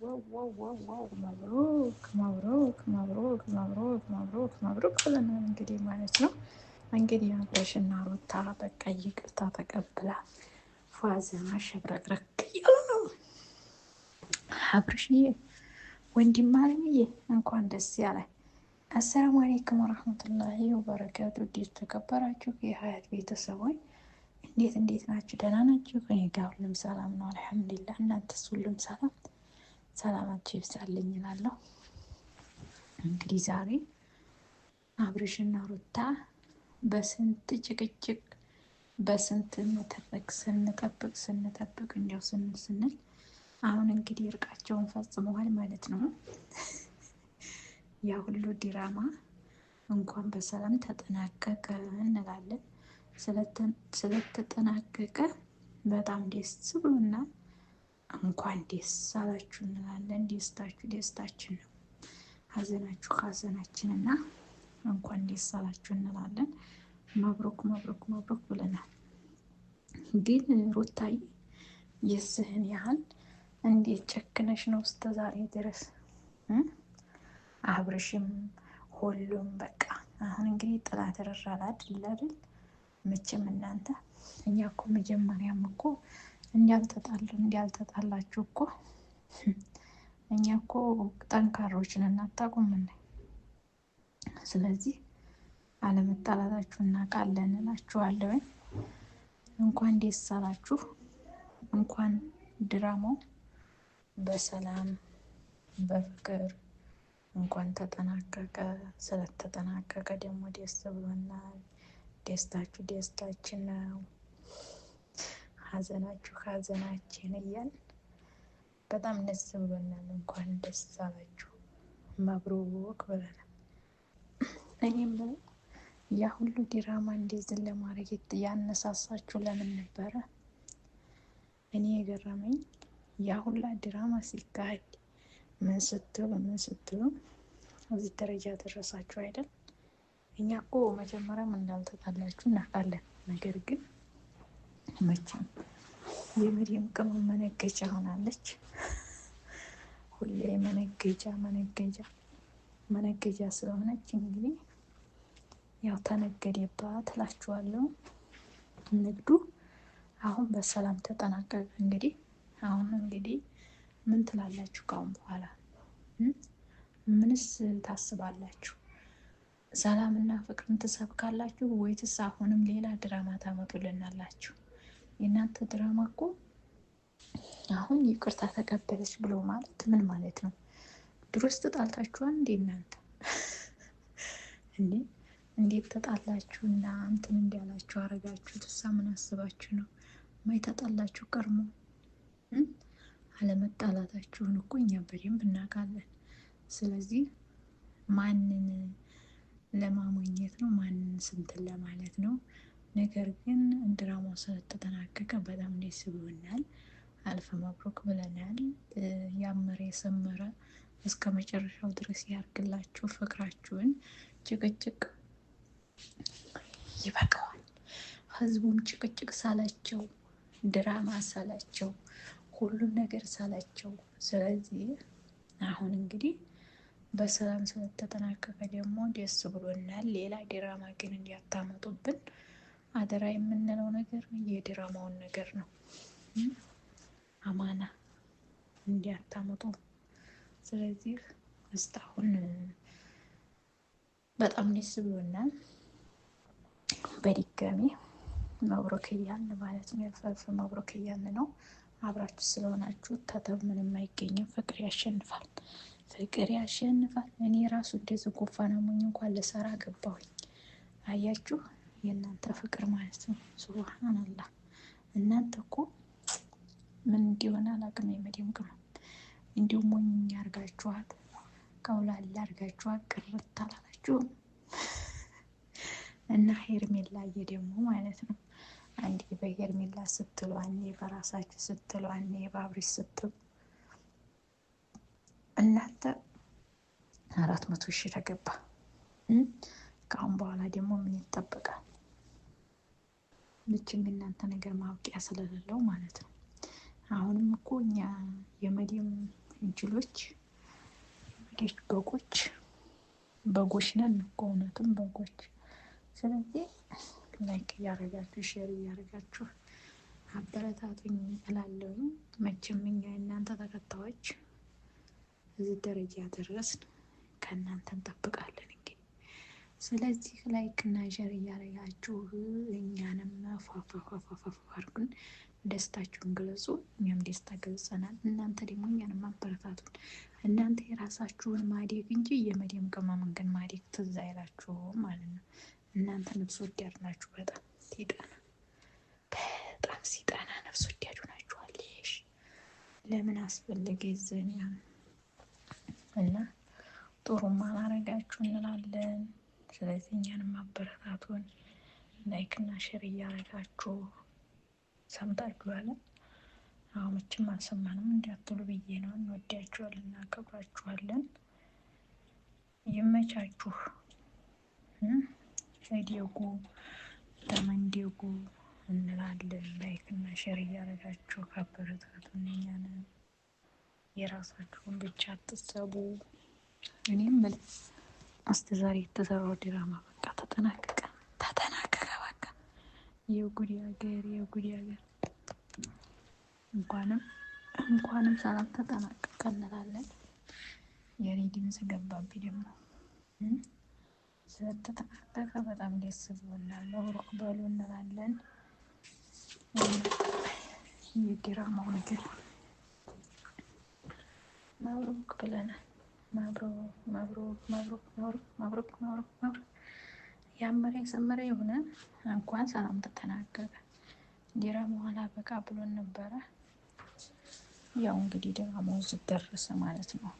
ማብሮክ ማብሮክ ማብሮክ ማብሮክ ማብሮክ ማብሮክ ብለናል። እንግዲህ ማለት ነው እንግዲህ አብረሽና ሩታ በቃ ይቅርታ ተቀብላ ፏዘና ሸብረቅረቅ እያሉ ነው። አብርሽዬ ወንድም አለምዬ እንኳን ደስ ያለ። አሰላሙ አሌይኩም ወረህመቱላሂ ወበረካቱ። እንዴት ተከበራችሁ የሀያት ቤተሰቦች እንዴት እንዴት ናችሁ? ደህና ናችሁ? ከኔ ጋር ሁሉም ሰላም ነው፣ አልሐምዱሊላህ። እናንተስ ሁሉም ሰላም ሰላማችሁ ይብዛልኝ እላለሁ። እንግዲህ ዛሬ አብርሽና ሩታ በስንት ጭቅጭቅ በስንት መተረክ ስንጠብቅ ስንጠብቅ እንዲያው ስንል ስንል አሁን እንግዲህ እርቃቸውን ፈጽመዋል ማለት ነው። ያ ሁሉ ዲራማ እንኳን በሰላም ተጠናቀቀ እንላለን። ስለተጠናቀቀ በጣም ደስ ብሎናል። እንኳን ደስ አላችሁ እንላለን። ደስታችሁ ደስታችን ነው፣ ሀዘናችሁ ሀዘናችን እና እንኳን ደስ አላችሁ እንላለን። መብሮክ መብሮክ መብሮክ ብለናል። ግን ሩታዬ የስህን ያህል እንዴት ጨክነሽ ነው እስከ ዛሬ ድረስ አብርሽም ሁሉም በቃ አሁን እንግዲህ ጥላ ተረራል አይደል? መቼም እናንተ እኛ እኮ መጀመሪያም እኮ እንዲያልተጣሉ እንዲያልተጣላችሁ እኮ እኛ እኮ ጠንካሮችን እናታቁም። ስለዚህ አለመጣላታችሁ እናውቃለን እላችኋለሁኝ። እንኳን ደስ አላችሁ። እንኳን ድራማው በሰላም በፍቅር እንኳን ተጠናቀቀ። ስለተጠናቀቀ ደግሞ ደስ ብሎናል። ደስታችሁ ደስታችን ነው። ሀዘናችሁ ከሀዘናችን እያል በጣም ደስ ብሎናል። እንኳን ደስ አላችሁ መብሩክ ብለናል። እኔም ያ ሁሉ ዲራማ እንደዚህ ለማድረግ ያነሳሳችሁ ለምን ነበረ? እኔ የገረመኝ ያ ሁላ ዲራማ ሲካሄድ ምን ስትሉ ምን ስትሉ እዚህ ደረጃ ደረሳችሁ አይደል? እኛ እኮ መጀመሪያም እንዳልተጣላችሁ እናውቃለን፣ ነገር ግን መቼም የመሪም ቅመም መነገጃ ሆናለች። ሁሌ መነገጃ መነገጃ መነገጃ ስለሆነች እንግዲህ ያው ተነገደባት እላችኋለሁ። ንግዱ አሁን በሰላም ተጠናቀቀ። እንግዲህ አሁን እንግዲህ ምን ትላላችሁ? ካሁን በኋላ ምንስ ታስባላችሁ? ሰላምና ፍቅርን ትሰብካላችሁ ወይትስ አሁንም ሌላ ድራማ ታመጡልናላችሁ? የእናንተ ድራማ እኮ አሁን ይቅርታ ተቀበለች ብሎ ማለት ምን ማለት ነው? ድሮስ ተጣልታችኋል እንዴ እናንተ? እንዴ እንዴት ተጣላችሁ እና እንትን እንዲያላችሁ አረጋችሁ? ትሳ ምን አስባችሁ ነው? ማይ ተጣላችሁ ቀርሞ አለመጣላታችሁን እኮ እኛ በደንብ እናውቃለን። ስለዚህ ማንን ለማሞኘት ነው? ማንን ስንትን ለማለት ነው? ነገር ግን ድራማው ስለተጠናቀቀ በጣም ደስ ብሎናል። አልፈ መብሮክ ብለናል። ያመረ የሰመረ እስከ መጨረሻው ድረስ ያርግላችሁ። ፍቅራችሁን ጭቅጭቅ ይበቃዋል። ህዝቡም ጭቅጭቅ ሳላቸው፣ ድራማ ሳላቸው፣ ሁሉም ነገር ሳላቸው። ስለዚህ አሁን እንግዲህ በሰላም ስለተጠናቀቀ ደግሞ ደስ ብሎናል። ሌላ ድራማ ግን እንዲያታመጡብን አደራ የምንለው ነገር የድራማውን ነገር ነው። አማና እንዲያታምጡ። ስለዚህ እስካሁን በጣም ደስ ብሎናል። በድጋሚ መብሮክ እያልን ማለት ነው የፈፍ መብሮክ እያልን ነው። አብራችሁ ስለሆናችሁ ተተብ ምንም አይገኝም። ፍቅር ያሸንፋል፣ ፍቅር ያሸንፋል። እኔ ራሱ እንደዚህ ጎፋና ሙኝ እንኳን ልሰራ ገባሁኝ። አያችሁ የእናንተ ፍቅር ማለት ነው። ሱብሃን እናንተ እኮ ምን እንዲሆን አላቅም። የመዲም ቅመም እንዲሁም ሞኝ ያርጋችኋት ከውላላ አርጋችኋት ቅርት አላላችሁም። እና ሄርሜላዬ ደግሞ ማለት ነው አንዴ በሄርሜላ ስትሉ፣ አኔ በራሳችሁ ስትሉ፣ አኔ በአብሪሽ ስትሉ እናንተ አራት መቶ ሺህ ተገባ። ከአሁን በኋላ ደግሞ ምን ይጠበቃል? ልችንግ እናንተ ነገር ማብቂያ ስለሌለው ማለት ነው። አሁንም እኮ እኛ የመዲም እንችሎች በጎች በጎች ነን እኮ እውነትም በጎች። ስለዚህ ላይክ እያደረጋችሁ ሼር እያደረጋችሁ አበረታቱኝ እላለሁኝ። መቼም እኛ የእናንተ ተከታዮች እዚህ ደረጃ ያደረስን ከእናንተ እንጠብቃለን። ስለዚህ ላይክ እና ሸር እያደረጋችሁ እኛንም ፏፏፏፏፏፏ አድርጉን፣ ደስታችሁን ግለጹ። እኛም ደስታ ገልጸናል። እናንተ ደግሞ እኛንም አበረታቱን። እናንተ የራሳችሁን ማደግ እንጂ የመዲም ቅመምን ግን ማደግ ትዝ አይላችሁ ማለት ነው። እናንተ ነፍስ ወዳድ ናችሁ። በጣም ሲጠና በጣም ሲጠና ነፍስ ወዳድ ናችኋል። ይሽ ለምን አስፈለገ ይዘን እና ጥሩማ ማረጋችሁ እንላለን። ስለዚህ እኛንም ላይክ ላይክና ሼር እያደረጋችሁ ሰምታችኋል። አሁን መቼም አልሰማንም እንዲያትሉ ብዬ ነው። እንወዳችኋለን፣ እናከብራችኋለን። ይመቻችሁ። ሄዲጉ ተመንዲጉ እንላለን። ላይክና ሼር እያደረጋችሁ ካበረታቱን እኛንም የራሳችሁን ብቻ አትሰቡ። እኔም እስቲ ዛሬ የተሰራው ዲራማ በቃ ተጠናቀቀ፣ ተጠናቀቀ። በቃ የጉድ ሀገር፣ የጉድ ሀገር። እንኳንም እንኳንም ሰላም ተጠናቀቀ እንላለን። የኔ ድምፅ ደግሞ ስለተጠናቀቀ በጣም ደስ ብሎናል። መብሩክ በሉ እንላለን። የዲራማው ነገር መብሩክ ብለናል። ማብሮክ ማብሮክ ማብሮክ ያመረ የሰመረ የሆነ እንኳን ሰላም ተተናገረ። ድራማው በቃ ብሎን ነበረ። ያው እንግዲህ ድራማው ዝደርስ ማለት ነው።